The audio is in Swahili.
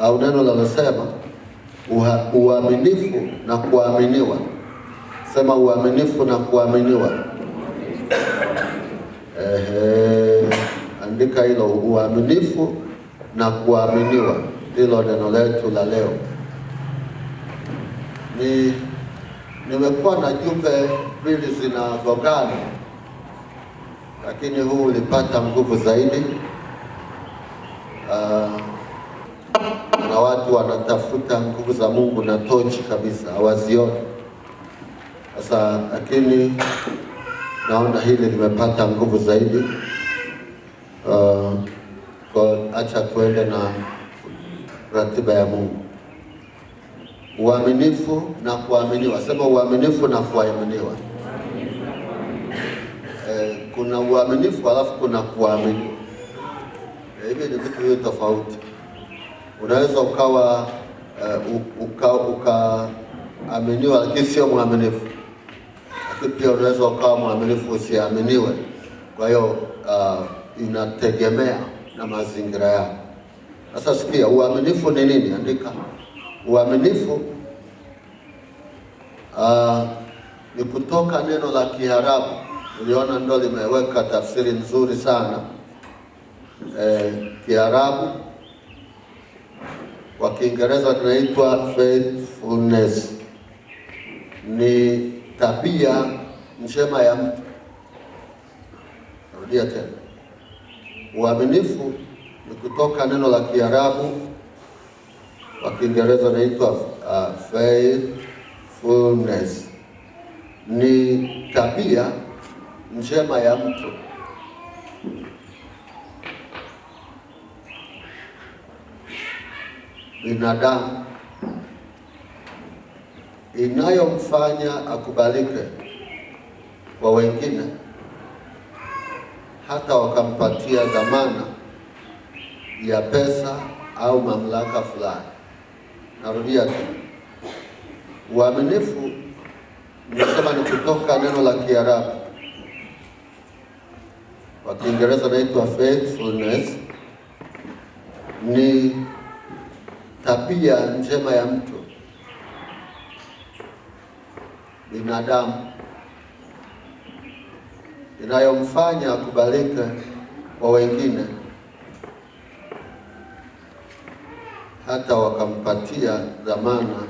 au neno linasema uaminifu na kuaminiwa. Sema uaminifu na kuaminiwa. Ehe, andika hilo, uaminifu na kuaminiwa, hilo neno letu la leo. Ni nimekuwa na jumbe mbili zinagogana, lakini huu ulipata nguvu zaidi. Uh, watu wanatafuta nguvu za Mungu na tochi kabisa hawazioni. Sasa lakini naona hili limepata nguvu zaidi. Uh, kwa acha tuende na ratiba ya Mungu. Uaminifu na kuaminiwa, sema uaminifu na kuaminiwa. Eh, kuna uaminifu alafu kuna kuaminiwa. Eh, hivi ni vitu tofauti unaweza ukawa uh, eh, ukaaminiwa uka, lakini sio mwaminifu, lakini pia unaweza ukawa mwaminifu usiaminiwe. Kwa hiyo uh, inategemea na mazingira yako. Sasa sikia, uaminifu ni nini? Andika uaminifu. Uh, ni kutoka neno la Kiarabu, uliona ndo limeweka tafsiri nzuri sana eh, Kiarabu kwa Kiingereza tunaitwa faithfulness. Ni tabia njema ya mtu. Narudia tena, uaminifu ni kutoka neno la Kiarabu kwa Kiingereza inaitwa uh, faithfulness. Ni tabia njema ya mtu. binadamu inayomfanya akubalike kwa wengine, hata wakampatia dhamana ya pesa au mamlaka fulani. Narudia tu, uaminifu nimesema ni kutoka neno la Kiarabu, kwa Kiingereza naitwa faithfulness ni tabia njema ya mtu binadamu inayomfanya kubalika kwa wengine hata wakampatia dhamana